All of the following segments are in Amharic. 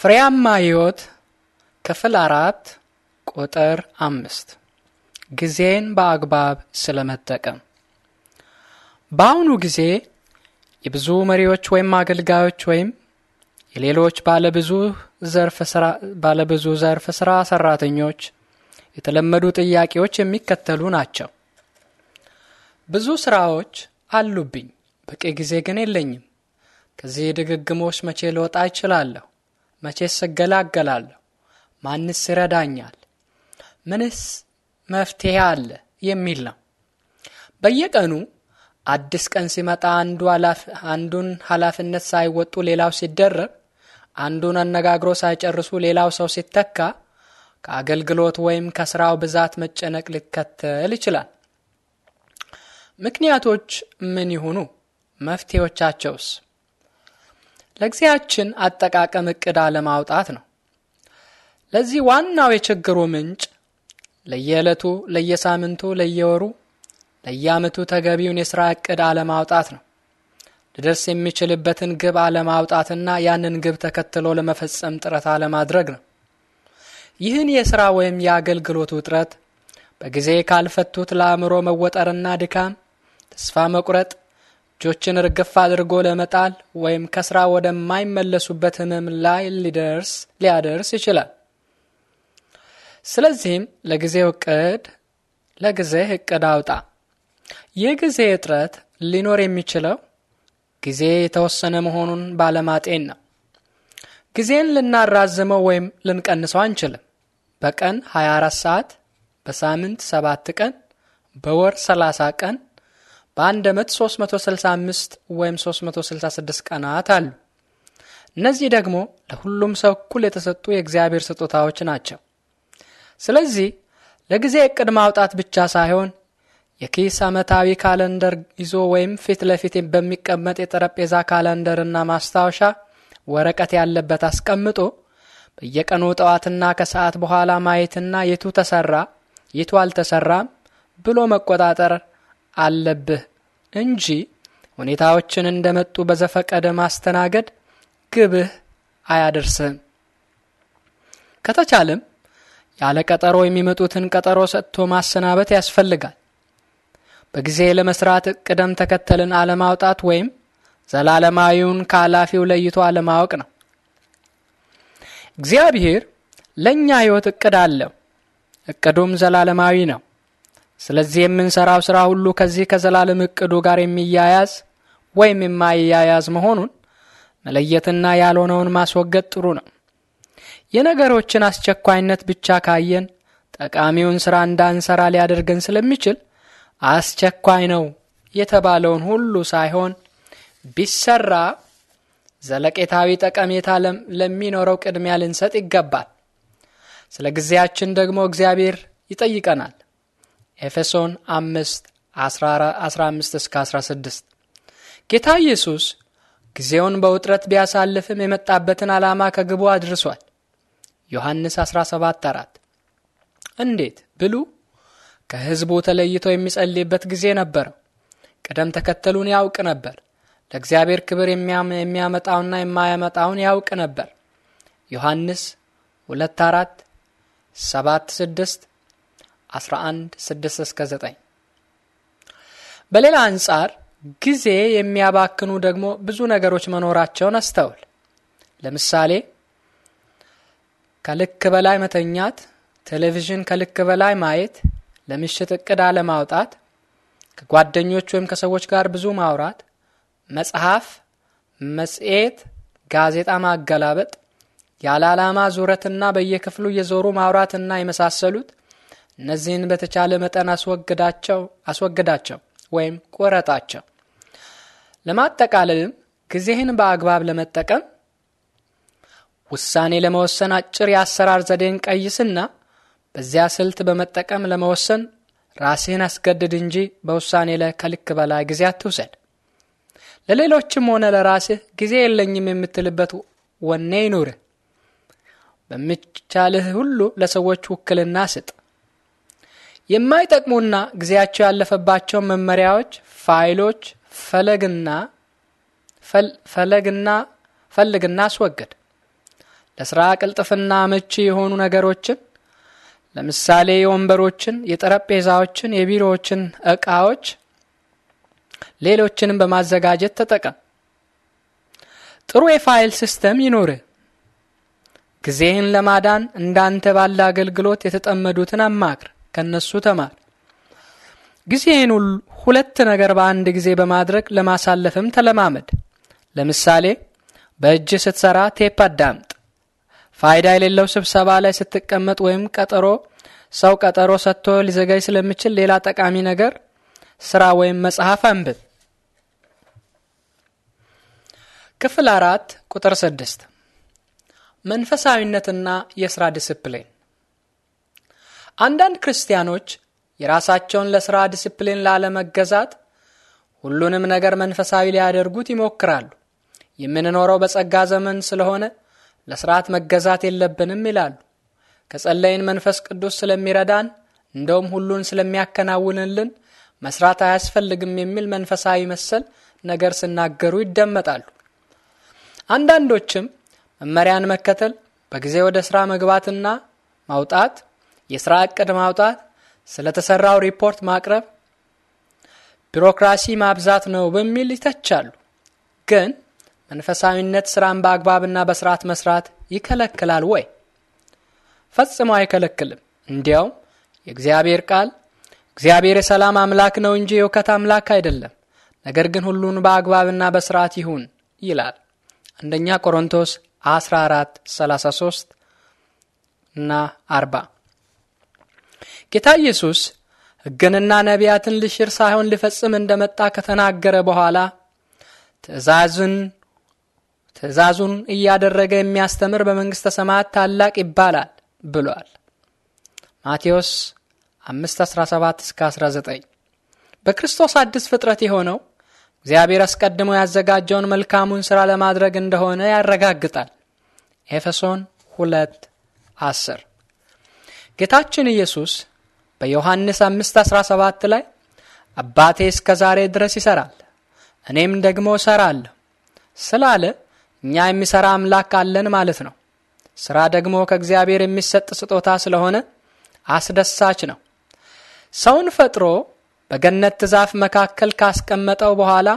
ፍሬያማ ሕይወት ክፍል አራት ቁጥር አምስት ጊዜን በአግባብ ስለመጠቀም። በአሁኑ ጊዜ የብዙ መሪዎች ወይም አገልጋዮች ወይም የሌሎች ባለብዙ ዘርፍ ስራ ሰራተኞች የተለመዱ ጥያቄዎች የሚከተሉ ናቸው። ብዙ ስራዎች አሉብኝ፣ በቂ ጊዜ ግን የለኝም። ከዚህ ድግግሞች መቼ ልወጣ እችላለሁ? መቼስ እገላገላለሁ? ማንስ ይረዳኛል? ምንስ መፍትሄ አለ የሚል ነው። በየቀኑ አዲስ ቀን ሲመጣ አንዱ አንዱን ኃላፊነት ሳይወጡ ሌላው ሲደረብ፣ አንዱን አነጋግሮ ሳይጨርሱ ሌላው ሰው ሲተካ፣ ከአገልግሎት ወይም ከስራው ብዛት መጨነቅ ሊከተል ይችላል። ምክንያቶች ምን ይሁኑ? መፍትሄዎቻቸውስ? ለጊዜያችን አጠቃቀም እቅድ አለማውጣት ነው። ለዚህ ዋናው የችግሩ ምንጭ ለየዕለቱ፣ ለየሳምንቱ፣ ለየወሩ፣ ለየዓመቱ ተገቢውን የሥራ እቅድ አለማውጣት ነው። ሊደርስ የሚችልበትን ግብ አለማውጣትና ያንን ግብ ተከትሎ ለመፈጸም ጥረት አለማድረግ ነው። ይህን የሥራ ወይም የአገልግሎት ውጥረት በጊዜ ካልፈቱት ለአእምሮ መወጠርና ድካም፣ ተስፋ መቁረጥ እጆችን ርግፍ አድርጎ ለመጣል ወይም ከስራ ወደማይመለሱበት ህመም ላይ ሊደርስ ሊያደርስ ይችላል። ስለዚህም ለጊዜው እቅድ ለጊዜህ እቅድ አውጣ። ይህ ጊዜ እጥረት ሊኖር የሚችለው ጊዜ የተወሰነ መሆኑን ባለማጤን ነው። ጊዜን ልናራዝመው ወይም ልንቀንሰው አንችልም። በቀን 24 ሰዓት፣ በሳምንት 7 ቀን፣ በወር 30 ቀን በአንድ ዓመት 365 ወይም 366 ቀናት አሉ። እነዚህ ደግሞ ለሁሉም ሰው እኩል የተሰጡ የእግዚአብሔር ስጦታዎች ናቸው። ስለዚህ ለጊዜ እቅድ ማውጣት ብቻ ሳይሆን የኪስ ዓመታዊ ካለንደር ይዞ ወይም ፊት ለፊት በሚቀመጥ የጠረጴዛ ካለንደርና ማስታወሻ ወረቀት ያለበት አስቀምጦ በየቀኑ ጠዋትና ከሰዓት በኋላ ማየትና የቱ ተሰራ የቱ አልተሰራም ብሎ መቆጣጠር አለብህ እንጂ ሁኔታዎችን እንደመጡ በዘፈቀደ ማስተናገድ ግብህ አያደርስም። ከተቻለም ያለ ቀጠሮ የሚመጡትን ቀጠሮ ሰጥቶ ማሰናበት ያስፈልጋል። በጊዜ ለመስራት ቅደም ተከተልን አለማውጣት ወይም ዘላለማዊውን ከኃላፊው ለይቶ አለማወቅ ነው። እግዚአብሔር ለእኛ ሕይወት እቅድ አለው። እቅዱም ዘላለማዊ ነው። ስለዚህ የምንሰራው ስራ ሁሉ ከዚህ ከዘላለም እቅዱ ጋር የሚያያዝ ወይም የማያያዝ መሆኑን መለየትና ያልሆነውን ማስወገድ ጥሩ ነው። የነገሮችን አስቸኳይነት ብቻ ካየን ጠቃሚውን ስራ እንዳንሰራ ሊያደርገን ስለሚችል አስቸኳይ ነው የተባለውን ሁሉ ሳይሆን ቢሰራ ዘለቄታዊ ጠቀሜታ ለሚኖረው ቅድሚያ ልንሰጥ ይገባል። ስለ ጊዜያችን ደግሞ እግዚአብሔር ይጠይቀናል። ኤፌሶን 5 15 እስከ 16 ጌታ ኢየሱስ ጊዜውን በውጥረት ቢያሳልፍም የመጣበትን ዓላማ ከግቡ አድርሷል። ዮሐንስ 17 4 እንዴት ብሉ ከሕዝቡ ተለይቶ የሚጸልይበት ጊዜ ነበረው። ቅደም ተከተሉን ያውቅ ነበር። ለእግዚአብሔር ክብር የሚያመጣውና የማያመጣውን ያውቅ ነበር። ዮሐንስ 2 4 7 6 11 6 እስከ 9 በሌላ አንጻር ጊዜ የሚያባክኑ ደግሞ ብዙ ነገሮች መኖራቸውን አስተውል። ለምሳሌ ከልክ በላይ መተኛት፣ ቴሌቪዥን ከልክ በላይ ማየት፣ ለምሽት እቅድ አለማውጣት፣ ከጓደኞች ወይም ከሰዎች ጋር ብዙ ማውራት፣ መጽሐፍ፣ መጽሔት፣ ጋዜጣ ማገላበጥ፣ ያለ ዓላማ ዙረትና በየክፍሉ የዞሩ ማውራትና የመሳሰሉት እነዚህን በተቻለ መጠን አስወግዳቸው አስወግዳቸው ወይም ቁረጣቸው። ለማጠቃለልም ጊዜህን በአግባብ ለመጠቀም ውሳኔ ለመወሰን አጭር የአሰራር ዘዴን ቀይስና በዚያ ስልት በመጠቀም ለመወሰን ራስህን አስገድድ እንጂ በውሳኔ ላይ ከልክ በላይ ጊዜ አትውሰድ። ለሌሎችም ሆነ ለራስህ ጊዜ የለኝም የምትልበት ወኔ ይኑርህ። በሚቻልህ ሁሉ ለሰዎች ውክልና ስጥ። የማይጠቅሙና ጊዜያቸው ያለፈባቸው መመሪያዎች፣ ፋይሎች ፈለግና ፈለግና ፈልግና አስወግድ። ለስራ ቅልጥፍና አመቺ የሆኑ ነገሮችን ለምሳሌ የወንበሮችን፣ የጠረጴዛዎችን፣ የቢሮዎችን እቃዎች ሌሎችንም በማዘጋጀት ተጠቀም። ጥሩ የፋይል ሲስተም ይኖር ጊዜህን ለማዳን እንዳንተ ባለ አገልግሎት የተጠመዱትን አማክር። ከነሱ ተማር። ጊዜህን ሁለት ነገር በአንድ ጊዜ በማድረግ ለማሳለፍም ተለማመድ። ለምሳሌ በእጅ ስትሰራ ቴፕ አዳምጥ። ፋይዳ የሌለው ስብሰባ ላይ ስትቀመጥ ወይም ቀጠሮ ሰው ቀጠሮ ሰጥቶ ሊዘጋጅ ስለሚችል ሌላ ጠቃሚ ነገር ስራ ወይም መጽሐፍ አንብብ። ክፍል አራት ቁጥር ስድስት መንፈሳዊነትና የስራ ዲስፕሊን አንዳንድ ክርስቲያኖች የራሳቸውን ለሥራ ዲስፕሊን ላለመገዛት ሁሉንም ነገር መንፈሳዊ ሊያደርጉት ይሞክራሉ። የምንኖረው በጸጋ ዘመን ስለሆነ ለሥርዓት መገዛት የለብንም ይላሉ። ከጸለይን መንፈስ ቅዱስ ስለሚረዳን እንደውም ሁሉን ስለሚያከናውንልን መስራት አያስፈልግም የሚል መንፈሳዊ መሰል ነገር ሲናገሩ ይደመጣሉ። አንዳንዶችም መመሪያን መከተል፣ በጊዜ ወደ ሥራ መግባትና ማውጣት የስራ እቅድ ማውጣት፣ ስለተሰራው ሪፖርት ማቅረብ፣ ቢሮክራሲ ማብዛት ነው በሚል ይተቻሉ። ግን መንፈሳዊነት ስራን በአግባብና በስርዓት መስራት ይከለክላል ወይ? ፈጽሞ አይከለክልም። እንዲያውም የእግዚአብሔር ቃል እግዚአብሔር የሰላም አምላክ ነው እንጂ የውከት አምላክ አይደለም፣ ነገር ግን ሁሉን በአግባብና በስርዓት ይሁን ይላል። አንደኛ ቆሮንቶስ 14 33 እና 40 ጌታ ኢየሱስ ሕግንና ነቢያትን ልሽር ሳይሆን ልፈጽም እንደመጣ ከተናገረ በኋላ ትእዛዝን ትእዛዙን እያደረገ የሚያስተምር በመንግሥተ ሰማያት ታላቅ ይባላል ብሏል። ማቴዎስ 5:17 19 በክርስቶስ አዲስ ፍጥረት የሆነው እግዚአብሔር አስቀድሞ ያዘጋጀውን መልካሙን ሥራ ለማድረግ እንደሆነ ያረጋግጣል። ኤፌሶን 2 10 ጌታችን ኢየሱስ በዮሐንስ 5:17 ላይ አባቴ እስከ ዛሬ ድረስ ይሰራል እኔም ደግሞ እሰራለሁ ስላለ እኛ የሚሰራ አምላክ አለን ማለት ነው። ስራ ደግሞ ከእግዚአብሔር የሚሰጥ ስጦታ ስለሆነ አስደሳች ነው። ሰውን ፈጥሮ በገነት ትዛፍ መካከል ካስቀመጠው በኋላ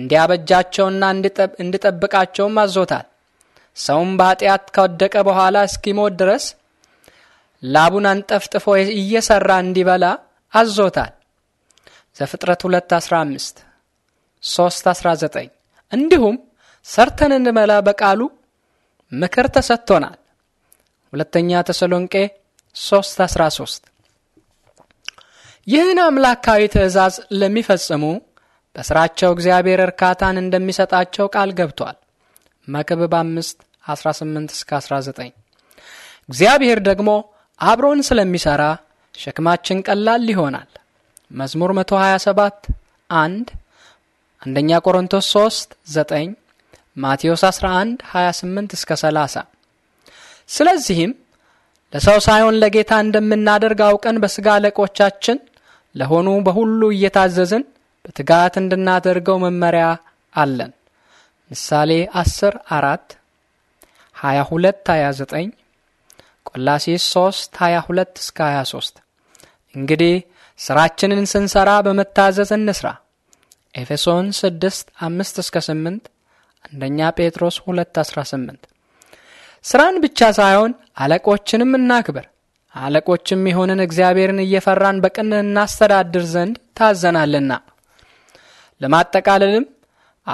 እንዲያበጃቸውና እንዲጠብቃቸውም አዞታል። ሰውም በኃጢአት ከወደቀ በኋላ እስኪሞት ድረስ ላቡን አንጠፍጥፎ እየሰራ እንዲበላ አዞታል። ዘፍጥረት 2:15 3:19 እንዲሁም ሰርተን እንመላ በቃሉ ምክር ተሰጥቶናል። ሁለተኛ ተሰሎንቄ 3:13 ይህን አምላካዊ ትእዛዝ ለሚፈጽሙ በሥራቸው እግዚአብሔር እርካታን እንደሚሰጣቸው ቃል ገብቷል። መክብብ 5 18 እስከ 19 እግዚአብሔር ደግሞ አብሮን ስለሚሰራ ሸክማችን ቀላል ይሆናል። መዝሙር 127 1 አንደኛ ቆሮንቶስ 3 9 ማቴዎስ 11 28 እስከ 30 ስለዚህም ለሰው ሳይሆን ለጌታ እንደምናደርግ አውቀን በሥጋ አለቆቻችን ለሆኑ በሁሉ እየታዘዝን በትጋት እንድናደርገው መመሪያ አለን። ምሳሌ 10 4 22 29 ቆላሴስ 3 22 እስከ 23 እንግዲህ ስራችንን ስንሰራ በመታዘዝ እንስራ። ኤፌሶን 6 5 እስከ 8 አንደኛ ጴጥሮስ 2 18 ስራን ብቻ ሳይሆን አለቆችንም እናክብር። አለቆችም የሆንን እግዚአብሔርን እየፈራን በቅን እናስተዳድር ዘንድ ታዘናልና። ለማጠቃለልም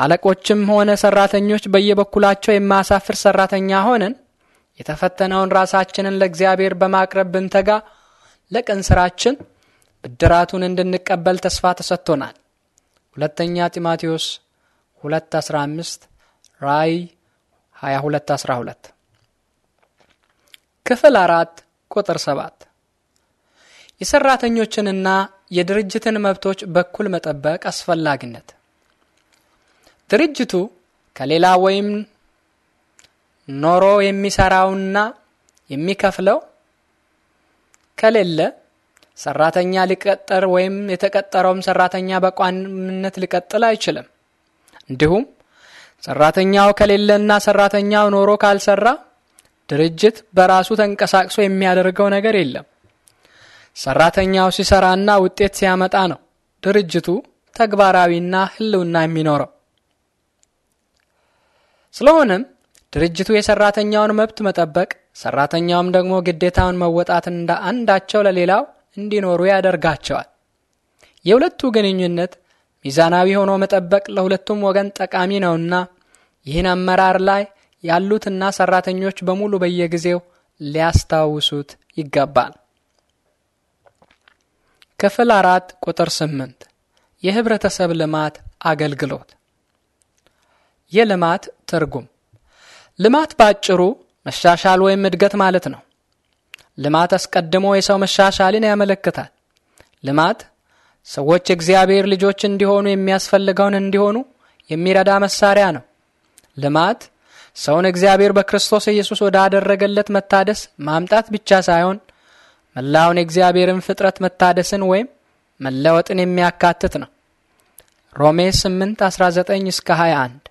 አለቆችም ሆነ ሰራተኞች በየበኩላቸው የማያሳፍር ሰራተኛ ሆነን የተፈተነውን ራሳችንን ለእግዚአብሔር በማቅረብ ብንተጋ ለቅን ስራችን ብድራቱን እንድንቀበል ተስፋ ተሰጥቶናል። ሁለተኛ ጢማቴዎስ 2:15 ራይ 22:12 ክፍል 4 ቁጥር 7 የሰራተኞችንና የድርጅትን መብቶች በኩል መጠበቅ አስፈላጊነት ድርጅቱ ከሌላ ወይም ኖሮ የሚሰራውና የሚከፍለው ከሌለ ሰራተኛ ሊቀጠር ወይም የተቀጠረውም ሰራተኛ በቋሚነት ሊቀጥል አይችልም። እንዲሁም ሰራተኛው ከሌለና ሰራተኛው ኖሮ ካልሰራ ድርጅት በራሱ ተንቀሳቅሶ የሚያደርገው ነገር የለም። ሰራተኛው ሲሰራና ውጤት ሲያመጣ ነው ድርጅቱ ተግባራዊና ሕልውና የሚኖረው። ስለሆነም ድርጅቱ የሰራተኛውን መብት መጠበቅ፣ ሰራተኛውም ደግሞ ግዴታውን መወጣት እንደ አንዳቸው ለሌላው እንዲኖሩ ያደርጋቸዋል። የሁለቱ ግንኙነት ሚዛናዊ ሆኖ መጠበቅ ለሁለቱም ወገን ጠቃሚ ነውና ይህን አመራር ላይ ያሉትና ሰራተኞች በሙሉ በየጊዜው ሊያስታውሱት ይገባል። ክፍል አራት ቁጥር ስምንት የህብረተሰብ ልማት አገልግሎት የልማት ትርጉም ልማት ባጭሩ መሻሻል ወይም እድገት ማለት ነው። ልማት አስቀድሞ የሰው መሻሻልን ያመለክታል። ልማት ሰዎች የእግዚአብሔር ልጆች እንዲሆኑ የሚያስፈልገውን እንዲሆኑ የሚረዳ መሳሪያ ነው። ልማት ሰውን እግዚአብሔር በክርስቶስ ኢየሱስ ወዳደረገለት መታደስ ማምጣት ብቻ ሳይሆን መላውን የእግዚአብሔርን ፍጥረት መታደስን ወይም መለወጥን የሚያካትት ነው። ሮሜ 8 19 እስከ 21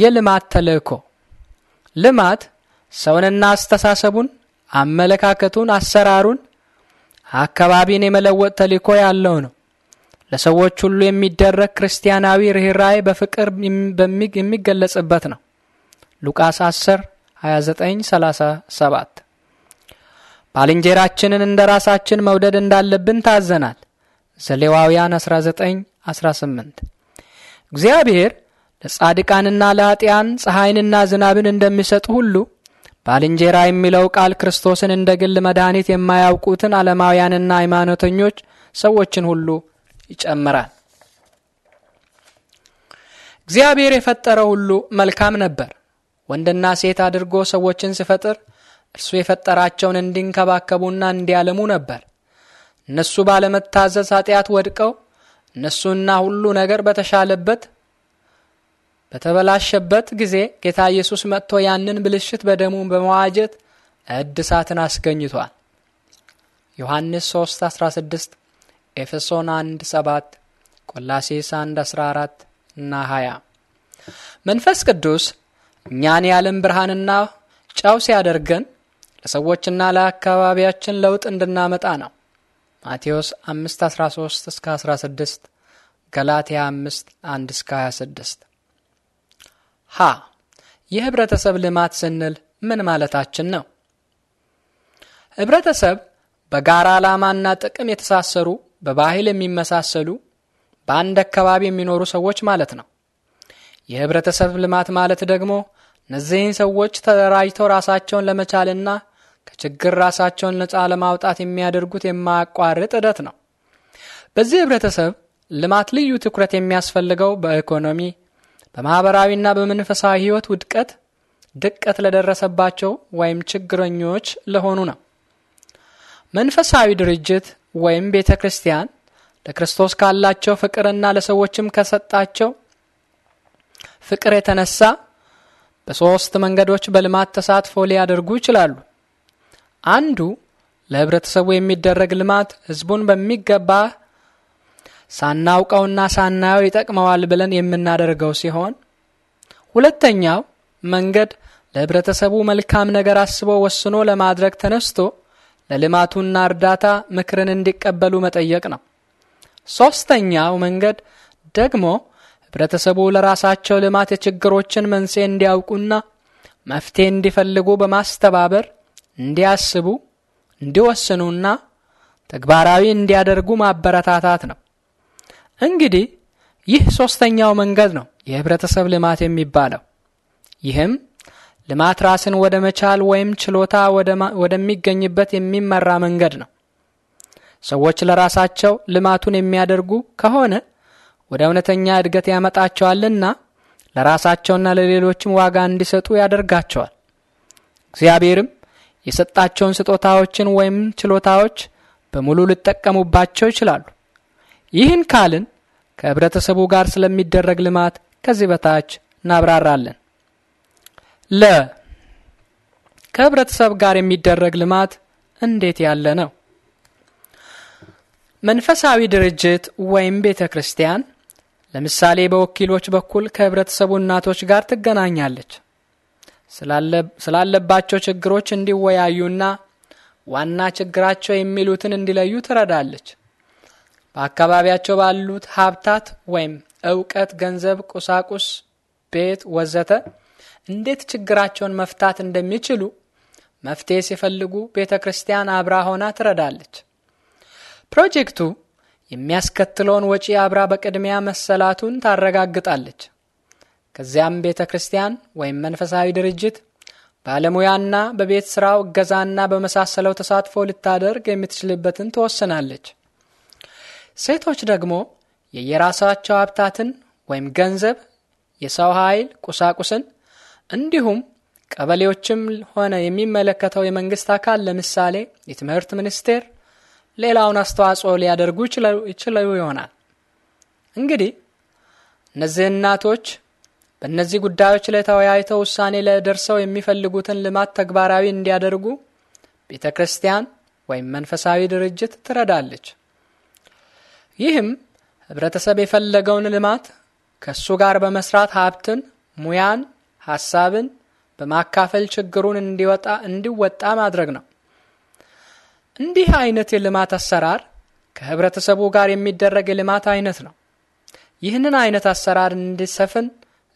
የልማት ተልእኮ ልማት ሰውንና አስተሳሰቡን፣ አመለካከቱን፣ አሰራሩን፣ አካባቢን የመለወጥ ተልእኮ ያለው ነው። ለሰዎች ሁሉ የሚደረግ ክርስቲያናዊ ርኅራኄ በፍቅር የሚገለጽበት ነው። ሉቃስ 10 29 37 ባልንጀራችንን እንደ ራሳችን መውደድ እንዳለብን ታዘናል። ዘሌዋውያን 19 18 እግዚአብሔር ለጻድቃንና ለኃጢያን ፀሐይንና ዝናብን እንደሚሰጥ ሁሉ ባልንጀራ የሚለው ቃል ክርስቶስን እንደ ግል መድኃኒት የማያውቁትን ዓለማውያንና ሃይማኖተኞች ሰዎችን ሁሉ ይጨምራል። እግዚአብሔር የፈጠረው ሁሉ መልካም ነበር። ወንድና ሴት አድርጎ ሰዎችን ሲፈጥር እርሱ የፈጠራቸውን እንዲንከባከቡና እንዲያለሙ ነበር። እነሱ ባለመታዘዝ ኃጢአት ወድቀው እነሱና ሁሉ ነገር በተሻለበት በተበላሸበት ጊዜ ጌታ ኢየሱስ መጥቶ ያንን ብልሽት በደሙ በመዋጀት እድሳትን አስገኝቷል። ዮሐንስ 3 16 ኤፌሶን 1 7 ቆላሴስ 1 14 እና 20 መንፈስ ቅዱስ እኛን የዓለም ብርሃንና ጨው ሲያደርገን ለሰዎችና ለአካባቢያችን ለውጥ እንድናመጣ ነው። ማቴዎስ 5 13 እስከ 16 ገላትያ 5 1 እስከ 26 ሀ የህብረተሰብ ልማት ስንል ምን ማለታችን ነው? ህብረተሰብ በጋራ ዓላማና ጥቅም የተሳሰሩ በባህል የሚመሳሰሉ በአንድ አካባቢ የሚኖሩ ሰዎች ማለት ነው። የህብረተሰብ ልማት ማለት ደግሞ እነዚህን ሰዎች ተደራጅተው ራሳቸውን ለመቻልና ከችግር ራሳቸውን ነፃ ለማውጣት የሚያደርጉት የማያቋርጥ ሂደት ነው። በዚህ ህብረተሰብ ልማት ልዩ ትኩረት የሚያስፈልገው በኢኮኖሚ በማኅበራዊና በመንፈሳዊ ሕይወት ውድቀት ድቀት ለደረሰባቸው ወይም ችግረኞች ለሆኑ ነው። መንፈሳዊ ድርጅት ወይም ቤተ ክርስቲያን ለክርስቶስ ካላቸው ፍቅርና ለሰዎችም ከሰጣቸው ፍቅር የተነሳ በሦስት መንገዶች በልማት ተሳትፎ ሊያደርጉ ይችላሉ። አንዱ ለህብረተሰቡ የሚደረግ ልማት ህዝቡን በሚገባ ሳናውቀውና ሳናየው ይጠቅመዋል ብለን የምናደርገው ሲሆን፣ ሁለተኛው መንገድ ለህብረተሰቡ መልካም ነገር አስቦ ወስኖ ለማድረግ ተነስቶ ለልማቱና እርዳታ ምክርን እንዲቀበሉ መጠየቅ ነው። ሶስተኛው መንገድ ደግሞ ህብረተሰቡ ለራሳቸው ልማት የችግሮችን መንስኤ እንዲያውቁና መፍትሄ እንዲፈልጉ በማስተባበር እንዲያስቡ፣ እንዲወስኑና ተግባራዊ እንዲያደርጉ ማበረታታት ነው። እንግዲህ ይህ ሶስተኛው መንገድ ነው የህብረተሰብ ልማት የሚባለው። ይህም ልማት ራስን ወደ መቻል ወይም ችሎታ ወደሚገኝበት የሚመራ መንገድ ነው። ሰዎች ለራሳቸው ልማቱን የሚያደርጉ ከሆነ ወደ እውነተኛ እድገት ያመጣቸዋልና ለራሳቸውና ለሌሎችም ዋጋ እንዲሰጡ ያደርጋቸዋል። እግዚአብሔርም የሰጣቸውን ስጦታዎችን ወይም ችሎታዎች በሙሉ ሊጠቀሙባቸው ይችላሉ። ይህን ካልን ከህብረተሰቡ ጋር ስለሚደረግ ልማት ከዚህ በታች እናብራራለን። ለ ከህብረተሰብ ጋር የሚደረግ ልማት እንዴት ያለ ነው? መንፈሳዊ ድርጅት ወይም ቤተ ክርስቲያን ለምሳሌ በወኪሎች በኩል ከህብረተሰቡ እናቶች ጋር ትገናኛለች። ስላለባቸው ችግሮች እንዲወያዩና ዋና ችግራቸው የሚሉትን እንዲለዩ ትረዳለች። በአካባቢያቸው ባሉት ሀብታት ወይም እውቀት፣ ገንዘብ፣ ቁሳቁስ፣ ቤት ወዘተ እንዴት ችግራቸውን መፍታት እንደሚችሉ መፍትሄ ሲፈልጉ ቤተ ክርስቲያን አብራ ሆና ትረዳለች። ፕሮጀክቱ የሚያስከትለውን ወጪ አብራ በቅድሚያ መሰላቱን ታረጋግጣለች። ከዚያም ቤተ ክርስቲያን ወይም መንፈሳዊ ድርጅት ባለሙያና በቤት ስራው እገዛና በመሳሰለው ተሳትፎ ልታደርግ የምትችልበትን ትወስናለች። ሴቶች ደግሞ የየራሳቸው ሀብታትን ወይም ገንዘብ፣ የሰው ኃይል፣ ቁሳቁስን እንዲሁም ቀበሌዎችም ሆነ የሚመለከተው የመንግስት አካል ለምሳሌ የትምህርት ሚኒስቴር ሌላውን አስተዋጽኦ ሊያደርጉ ይችሉ ይሆናል። እንግዲህ እነዚህ እናቶች በእነዚህ ጉዳዮች ላይ ተወያይተው ውሳኔ ላይ ደርሰው የሚፈልጉትን ልማት ተግባራዊ እንዲያደርጉ ቤተ ክርስቲያን ወይም መንፈሳዊ ድርጅት ትረዳለች። ይህም ህብረተሰብ የፈለገውን ልማት ከእሱ ጋር በመስራት ሀብትን፣ ሙያን፣ ሀሳብን በማካፈል ችግሩን እንዲወጣ እንዲወጣ ማድረግ ነው። እንዲህ አይነት የልማት አሰራር ከህብረተሰቡ ጋር የሚደረግ የልማት አይነት ነው። ይህንን አይነት አሰራር እንዲሰፍን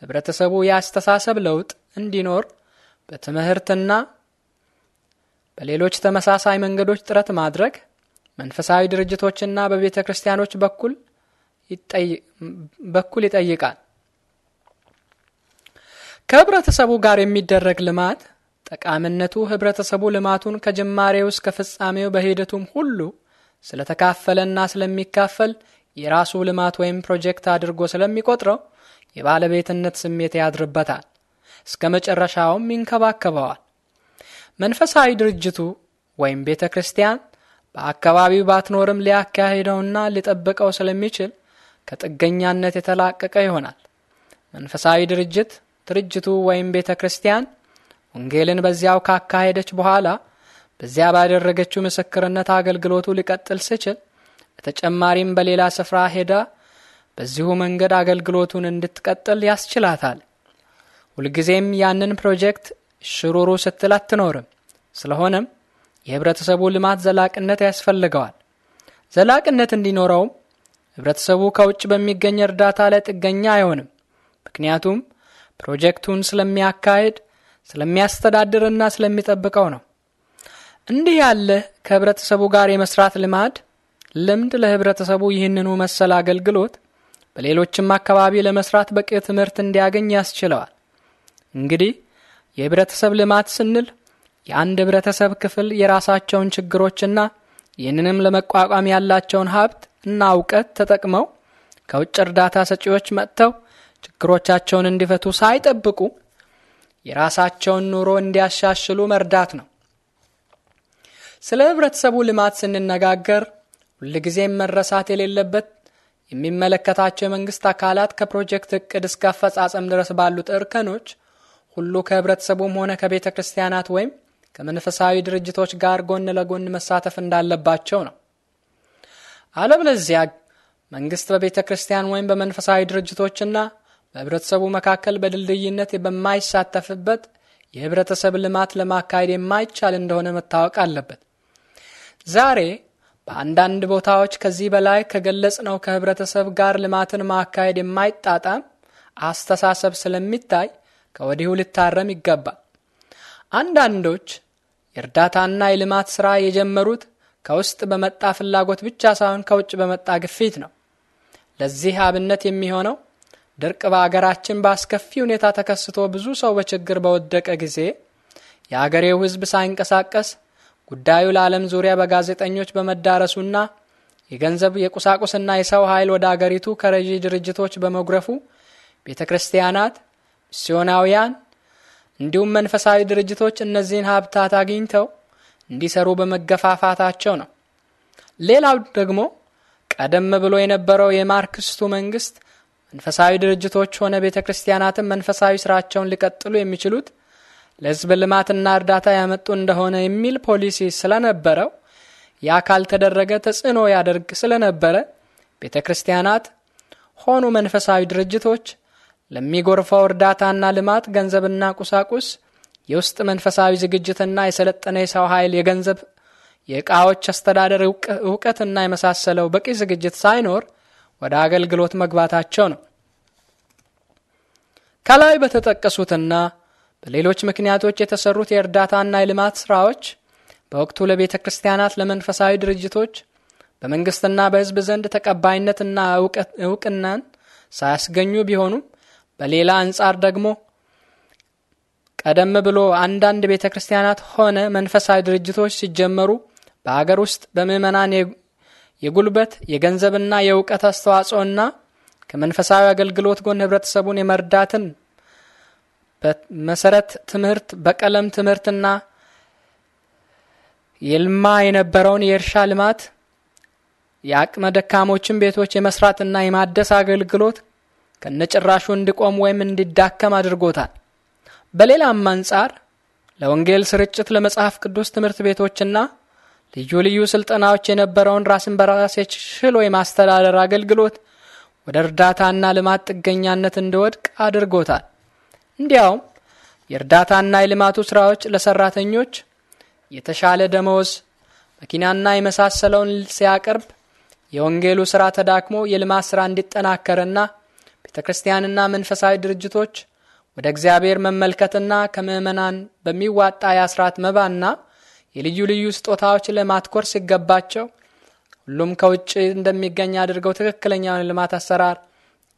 ህብረተሰቡ የአስተሳሰብ ለውጥ እንዲኖር በትምህርትና በሌሎች ተመሳሳይ መንገዶች ጥረት ማድረግ መንፈሳዊ ድርጅቶችና በቤተ ክርስቲያኖች በኩል በኩል ይጠይቃል። ከህብረተሰቡ ጋር የሚደረግ ልማት ጠቃሚነቱ ህብረተሰቡ ልማቱን ከጅማሬው እስከ ፍጻሜው በሂደቱም ሁሉ ስለተካፈለና ስለሚካፈል የራሱ ልማት ወይም ፕሮጀክት አድርጎ ስለሚቆጥረው የባለቤትነት ስሜት ያድርበታል፣ እስከ መጨረሻውም ይንከባከበዋል። መንፈሳዊ ድርጅቱ ወይም ቤተ ክርስቲያን በአካባቢው ባትኖርም ሊያካሄደውና ሊጠብቀው ስለሚችል ከጥገኛነት የተላቀቀ ይሆናል። መንፈሳዊ ድርጅት ድርጅቱ ወይም ቤተ ክርስቲያን ወንጌልን በዚያው ካካሄደች በኋላ በዚያ ባደረገችው ምስክርነት አገልግሎቱ ሊቀጥል ሲችል በተጨማሪም በሌላ ስፍራ ሄዳ በዚሁ መንገድ አገልግሎቱን እንድትቀጥል ያስችላታል። ሁልጊዜም ያንን ፕሮጀክት ሽሩሩ ስትል አትኖርም። ስለሆነም የህብረተሰቡ ልማት ዘላቅነት ያስፈልገዋል። ዘላቅነት እንዲኖረውም ህብረተሰቡ ከውጭ በሚገኝ እርዳታ ላይ ጥገኛ አይሆንም። ምክንያቱም ፕሮጀክቱን ስለሚያካሄድ ስለሚያስተዳድርና ስለሚጠብቀው ነው። እንዲህ ያለ ከህብረተሰቡ ጋር የመስራት ልማድ ልምድ ለህብረተሰቡ ይህንኑ መሰል አገልግሎት በሌሎችም አካባቢ ለመስራት በቂ ትምህርት እንዲያገኝ ያስችለዋል። እንግዲህ የህብረተሰብ ልማት ስንል የአንድ ህብረተሰብ ክፍል የራሳቸውን ችግሮችና ይህንንም ለመቋቋም ያላቸውን ሀብት እና እውቀት ተጠቅመው ከውጭ እርዳታ ሰጪዎች መጥተው ችግሮቻቸውን እንዲፈቱ ሳይጠብቁ የራሳቸውን ኑሮ እንዲያሻሽሉ መርዳት ነው። ስለ ህብረተሰቡ ልማት ስንነጋገር ሁልጊዜም መረሳት የሌለበት የሚመለከታቸው የመንግስት አካላት ከፕሮጀክት እቅድ እስከ አፈጻጸም ድረስ ባሉት እርከኖች ሁሉ ከህብረተሰቡም ሆነ ከቤተ ክርስቲያናት ወይም ከመንፈሳዊ ድርጅቶች ጋር ጎን ለጎን መሳተፍ እንዳለባቸው ነው። አለበለዚያ መንግስት በቤተ ክርስቲያን ወይም በመንፈሳዊ ድርጅቶችና በህብረተሰቡ መካከል በድልድይነት በማይሳተፍበት የህብረተሰብ ልማት ለማካሄድ የማይቻል እንደሆነ መታወቅ አለበት። ዛሬ በአንዳንድ ቦታዎች ከዚህ በላይ ከገለጽ ነው ከህብረተሰብ ጋር ልማትን ማካሄድ የማይጣጣም አስተሳሰብ ስለሚታይ ከወዲሁ ሊታረም ይገባል። አንዳንዶች የእርዳታና የልማት ሥራ የጀመሩት ከውስጥ በመጣ ፍላጎት ብቻ ሳይሆን ከውጭ በመጣ ግፊት ነው። ለዚህ አብነት የሚሆነው ድርቅ በአገራችን በአስከፊ ሁኔታ ተከስቶ ብዙ ሰው በችግር በወደቀ ጊዜ የአገሬው ሕዝብ ሳይንቀሳቀስ ጉዳዩ ለዓለም ዙሪያ በጋዜጠኞች በመዳረሱና የገንዘብ የቁሳቁስና የሰው ኃይል ወደ አገሪቱ ከረዢ ድርጅቶች በመጉረፉ ቤተ ክርስቲያናት፣ ሚስዮናውያን እንዲሁም መንፈሳዊ ድርጅቶች እነዚህን ሀብታት አግኝተው እንዲሰሩ በመገፋፋታቸው ነው። ሌላው ደግሞ ቀደም ብሎ የነበረው የማርክስቱ መንግስት መንፈሳዊ ድርጅቶች ሆነ ቤተ ክርስቲያናትም መንፈሳዊ ስራቸውን ሊቀጥሉ የሚችሉት ለህዝብ ልማትና እርዳታ ያመጡ እንደሆነ የሚል ፖሊሲ ስለነበረው ያ ካልተደረገ ተጽዕኖ ያደርግ ስለነበረ ቤተ ክርስቲያናት ሆኑ መንፈሳዊ ድርጅቶች ለሚጎርፈው እርዳታና ልማት ገንዘብና ቁሳቁስ፣ የውስጥ መንፈሳዊ ዝግጅትና የሰለጠነ የሰው ኃይል፣ የገንዘብ የእቃዎች አስተዳደር እውቀትና የመሳሰለው በቂ ዝግጅት ሳይኖር ወደ አገልግሎት መግባታቸው ነው። ከላይ በተጠቀሱትና በሌሎች ምክንያቶች የተሰሩት የእርዳታና የልማት ሥራዎች በወቅቱ ለቤተ ክርስቲያናት፣ ለመንፈሳዊ ድርጅቶች በመንግሥትና በሕዝብ ዘንድ ተቀባይነትና እውቅናን ሳያስገኙ ቢሆኑም በሌላ አንጻር ደግሞ ቀደም ብሎ አንዳንድ ቤተ ክርስቲያናት ሆነ መንፈሳዊ ድርጅቶች ሲጀመሩ በአገር ውስጥ በምእመናን የጉልበት የገንዘብና የእውቀት አስተዋጽኦና ከመንፈሳዊ አገልግሎት ጎን ህብረተሰቡን የመርዳትን በመሰረት ትምህርት በቀለም ትምህርትና የልማ የነበረውን የእርሻ ልማት የአቅመ ደካሞችን ቤቶች የመስራትና የማደስ አገልግሎት ከነጭራሹ እንዲቆም ወይም እንዲዳከም አድርጎታል። በሌላም አንጻር ለወንጌል ስርጭት፣ ለመጽሐፍ ቅዱስ ትምህርት ቤቶችና ልዩ ልዩ ስልጠናዎች የነበረውን ራስን በራስ ችሎ የማስተዳደር አገልግሎት ወደ እርዳታና ልማት ጥገኛነት እንዲወድቅ አድርጎታል። እንዲያውም የእርዳታና የልማቱ ስራዎች ለሰራተኞች የተሻለ ደመወዝ፣ መኪናና የመሳሰለውን ሲያቀርብ የወንጌሉ ስራ ተዳክሞ የልማት ስራ እንዲጠናከርና ቤተ ክርስቲያንና መንፈሳዊ ድርጅቶች ወደ እግዚአብሔር መመልከትና ከምዕመናን በሚዋጣ የአስራት መባና የልዩ ልዩ ስጦታዎች ለማትኮር ሲገባቸው ሁሉም ከውጭ እንደሚገኝ አድርገው ትክክለኛውን ልማት አሰራር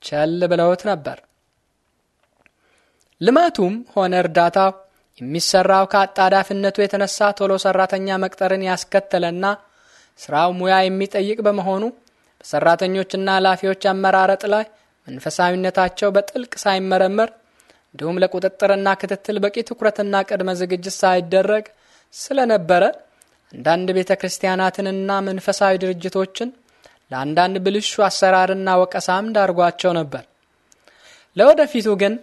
ቸል ብለውት ነበር። ልማቱም ሆነ እርዳታው የሚሰራው ከአጣዳፊነቱ የተነሳ ቶሎ ሰራተኛ መቅጠርን ያስከተለና ስራው ሙያ የሚጠይቅ በመሆኑ በሰራተኞችና ኃላፊዎች አመራረጥ ላይ መንፈሳዊነታቸው በጥልቅ ሳይመረመር እንዲሁም ለቁጥጥርና ክትትል በቂ ትኩረትና ቅድመ ዝግጅት ሳይደረግ ስለነበረ አንዳንድ ቤተ ክርስቲያናትንና መንፈሳዊ ድርጅቶችን ለአንዳንድ ብልሹ አሰራርና ወቀሳም ዳርጓቸው ነበር። ለወደፊቱ ግን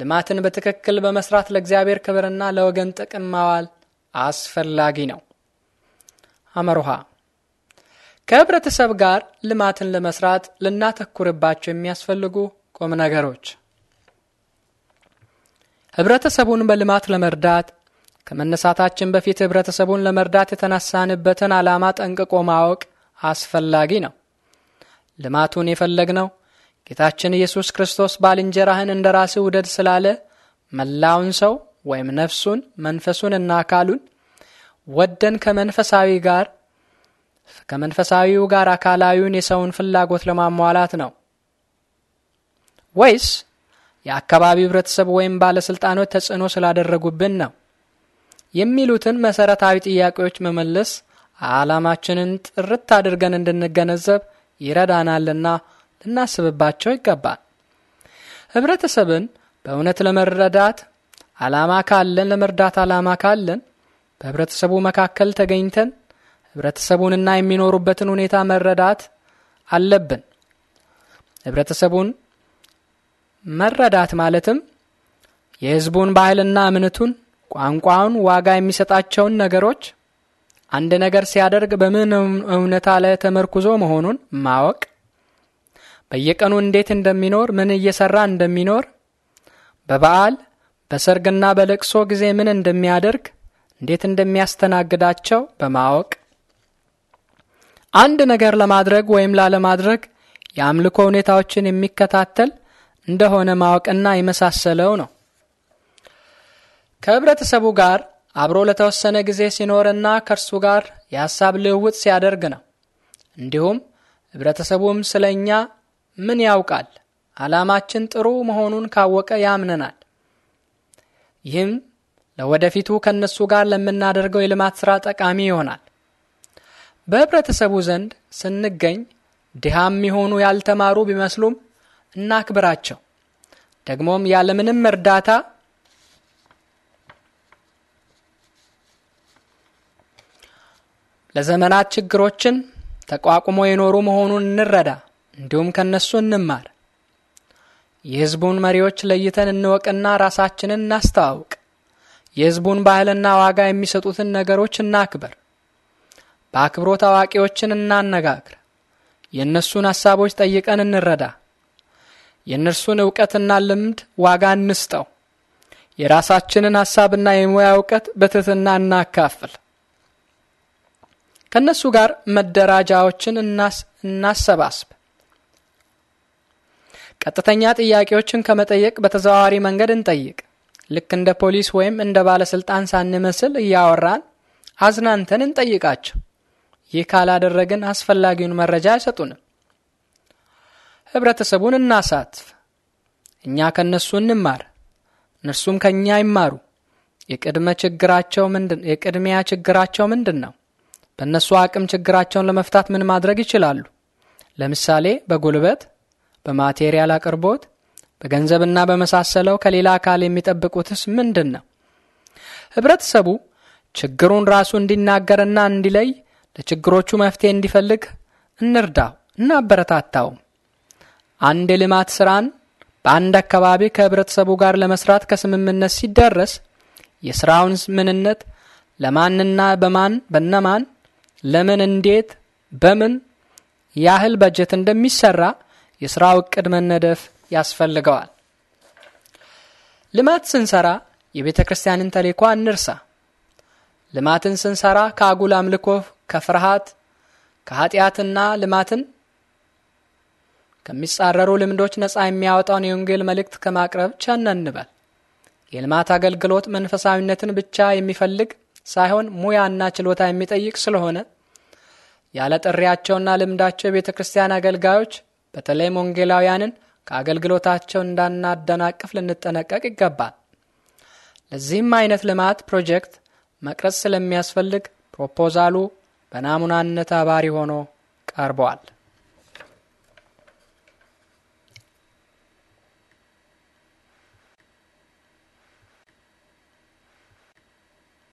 ልማትን በትክክል በመስራት ለእግዚአብሔር ክብርና ለወገን ጥቅም ማዋል አስፈላጊ ነው። አመሩሃ ከህብረተሰብ ጋር ልማትን ለመስራት ልናተኩርባቸው የሚያስፈልጉ ቁም ነገሮች ህብረተሰቡን በልማት ለመርዳት ከመነሳታችን በፊት ህብረተሰቡን ለመርዳት የተነሳንበትን ዓላማ ጠንቅቆ ማወቅ አስፈላጊ ነው። ልማቱን የፈለግነው ጌታችን ኢየሱስ ክርስቶስ ባልንጀራህን እንደ ራስህ ውደድ ስላለ መላውን ሰው ወይም ነፍሱን፣ መንፈሱን እና አካሉን ወደን ከመንፈሳዊ ጋር ከመንፈሳዊው ጋር አካላዊውን የሰውን ፍላጎት ለማሟላት ነው ወይስ የአካባቢው ህብረተሰብ ወይም ባለሥልጣኖች ተጽዕኖ ስላደረጉብን ነው የሚሉትን መሰረታዊ ጥያቄዎች መመለስ ዓላማችንን ጥርት አድርገን እንድንገነዘብ ይረዳናልና ልናስብባቸው ይገባል። ህብረተሰብን በእውነት ለመረዳት ዓላማ ካለን ለመርዳት ዓላማ ካለን በህብረተሰቡ መካከል ተገኝተን ህብረተሰቡንና የሚኖሩበትን ሁኔታ መረዳት አለብን። ህብረተሰቡን መረዳት ማለትም የህዝቡን ባህልና እምነቱን፣ ቋንቋውን፣ ዋጋ የሚሰጣቸውን ነገሮች አንድ ነገር ሲያደርግ በምን እውነታ ላይ ተመርኩዞ መሆኑን ማወቅ፣ በየቀኑ እንዴት እንደሚኖር፣ ምን እየሰራ እንደሚኖር፣ በበዓል በሰርግና በለቅሶ ጊዜ ምን እንደሚያደርግ፣ እንዴት እንደሚያስተናግዳቸው በማወቅ አንድ ነገር ለማድረግ ወይም ላለማድረግ የአምልኮ ሁኔታዎችን የሚከታተል እንደሆነ ማወቅና የመሳሰለው ነው። ከህብረተሰቡ ጋር አብሮ ለተወሰነ ጊዜ ሲኖርና ከእርሱ ጋር የሐሳብ ልውውጥ ሲያደርግ ነው። እንዲሁም ህብረተሰቡም ስለ እኛ ምን ያውቃል፣ ዓላማችን ጥሩ መሆኑን ካወቀ ያምነናል። ይህም ለወደፊቱ ከእነሱ ጋር ለምናደርገው የልማት ሥራ ጠቃሚ ይሆናል። በህብረተሰቡ ዘንድ ስንገኝ ድሃም የሆኑ ያልተማሩ ቢመስሉም እናክብራቸው። ደግሞም ያለምንም እርዳታ ለዘመናት ችግሮችን ተቋቁሞ የኖሩ መሆኑን እንረዳ፣ እንዲሁም ከነሱ እንማር። የህዝቡን መሪዎች ለይተን እንወቅና ራሳችንን እናስተዋውቅ። የህዝቡን ባህልና ዋጋ የሚሰጡትን ነገሮች እናክበር። በአክብሮት አዋቂዎችን እናነጋግር። የእነሱን ሐሳቦች ጠይቀን እንረዳ። የእነርሱን እውቀትና ልምድ ዋጋ እንስጠው። የራሳችንን ሐሳብና የሙያ እውቀት በትህትና እናካፍል። ከእነሱ ጋር መደራጃዎችን እናሰባስብ። ቀጥተኛ ጥያቄዎችን ከመጠየቅ በተዘዋዋሪ መንገድ እንጠይቅ። ልክ እንደ ፖሊስ ወይም እንደ ባለሥልጣን ሳንመስል እያወራን አዝናንተን እንጠይቃቸው። ይህ ካላደረግን አስፈላጊውን መረጃ አይሰጡንም። ህብረተሰቡን እናሳትፍ። እኛ ከእነሱ እንማር፣ እነርሱም ከእኛ ይማሩ። የቅድመ ችግራቸው ምንድን የቅድሚያ ችግራቸው ምንድን ነው? በእነሱ አቅም ችግራቸውን ለመፍታት ምን ማድረግ ይችላሉ? ለምሳሌ በጉልበት፣ በማቴሪያል አቅርቦት፣ በገንዘብና በመሳሰለው ከሌላ አካል የሚጠብቁትስ ምንድን ነው? ህብረተሰቡ ችግሩን ራሱ እንዲናገርና እንዲለይ ለችግሮቹ መፍትሄ እንዲፈልግ እንርዳው፣ እናበረታታውም። አንድ የልማት ስራን በአንድ አካባቢ ከህብረተሰቡ ጋር ለመስራት ከስምምነት ሲደረስ የስራውን ምንነት ለማንና በማን በነማን ለምን እንዴት በምን ያህል በጀት እንደሚሰራ የስራው እቅድ መነደፍ ያስፈልገዋል። ልማት ስንሰራ የቤተ ክርስቲያንን ተልዕኮ እንርሳ። ልማትን ስንሰራ ከአጉል አምልኮ ከፍርሃት ከኃጢአትና ልማትን ከሚጻረሩ ልምዶች ነፃ የሚያወጣውን የወንጌል መልእክት ከማቅረብ ቸል እንበል። የልማት አገልግሎት መንፈሳዊነትን ብቻ የሚፈልግ ሳይሆን ሙያና ችሎታ የሚጠይቅ ስለሆነ ያለ ጥሪያቸውና ልምዳቸው የቤተ ክርስቲያን አገልጋዮች በተለይም ወንጌላውያንን ከአገልግሎታቸው እንዳናደናቅፍ ልንጠነቀቅ ይገባል። ለዚህም አይነት ልማት ፕሮጀክት መቅረጽ ስለሚያስፈልግ ፕሮፖዛሉ በናሙናነት አባሪ ሆኖ ቀርቧል።